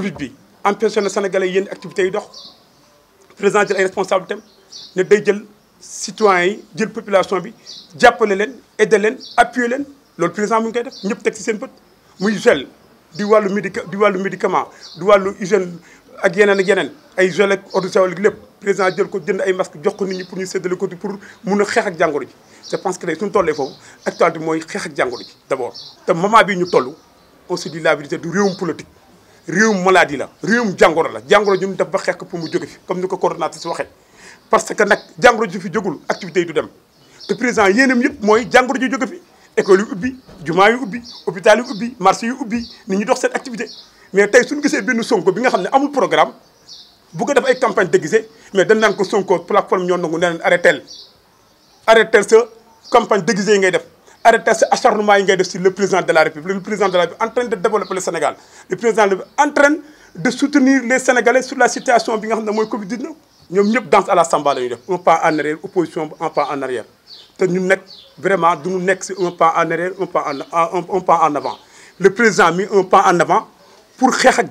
Covid bi empêché na sénégalais yenn activité yi dox président jël ay responsabilités am ne day jël citoyens yi jël population bi jappalé leen aider leen appuyer leen loolu président mu ngi koy def ñep tek ci seen peut muy gel di walu médica di walu médicament du walu hygiène ak yeneen ak yeneen ay gel ak eau de javel lépp président jël ko jënd ay masque jox ko nit ñi pour ñu séddale ko pour mëna a ak jàngoro ji. je pense que tey suñu tollee fofu actualité moy mooy ak jàngoro ji d'abord te moment bi ñu toll on se dit la vérité du réum politique réewum maladie la réewum jàngoro la jàngoro ñun def ba pour mu jóge fi comme ni ko coordonnatrice waxee parce que nag jàngoro ji fi jógul activité yi du dem te président yéenam yëpp mooy jàngoro ji jóge fi école yu ubbi jumaa yu ubbi hôpital yu ubbi marché yu ubbi nit ñi dox seen activité mais tey suñu gisee benn Sonko bi nga xam ne programme bu ko def ay campagne déguisée mais dañ naan ko Sonko plateforme ñoo nangu ne leen arrêtel arrêtel ce campagne déguisée yi ngay def arrêter ce acharnement le président de la république le président de la république en train de développer le Sénégal le président de en train de soutenir les sénégalais sur la situation bi nga xam Covid 19. nous ñëpp danse à la samba On def un pas en arrière opposition on un pas en arrière te ñu nekk vraiment nous ñu on un pas en arrière un pas en un pas en avant le président mis un pas en avant pour faire ak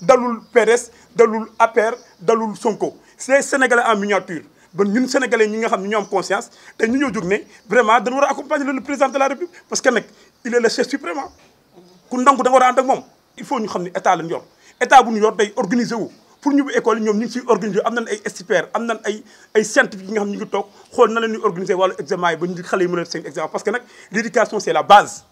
dalul PDS dalul APR dalul Sonko c'est sénégalais en miniature Ben, ñun sénégalais ñi nga xam conscience te ñu ñoo vraiment dañu war accompagner le président de la République parce que nag il est le chef suprême ah. ku ndànk da nga war ak il faut ñu xam ne état lañ yor état bu ñu yor day organiser wu pour ñu bu école yi ñoom ñu ngi ciy organiser am ay experts am ay ay scientifique yi nga xam ñu ngi toog xool na la ñuy organiser wàllu examen ba ñu seen parce que l'éducation c'est la base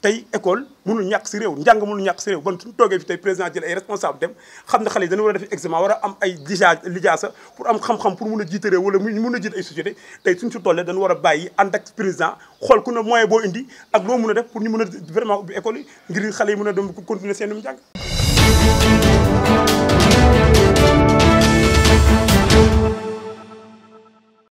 tey école mënul ñàkk si réew njàng mënul ñàkk si réew bon suñu toogee fi tey président jël ay responsable dem xam ne xale yi dañu war a def examen war a am ay lija lijaasa pour am xam-xam pour mun a jiite réew wala mun a jiite ay société tey suñ si tollee dañu war a bàyyi ànd ak président xool ku ne moyen boo indi ak loo mun a def pour ñu mun a vraiment ubbi école yi ngir xale yi mun a dem continuer seen njàng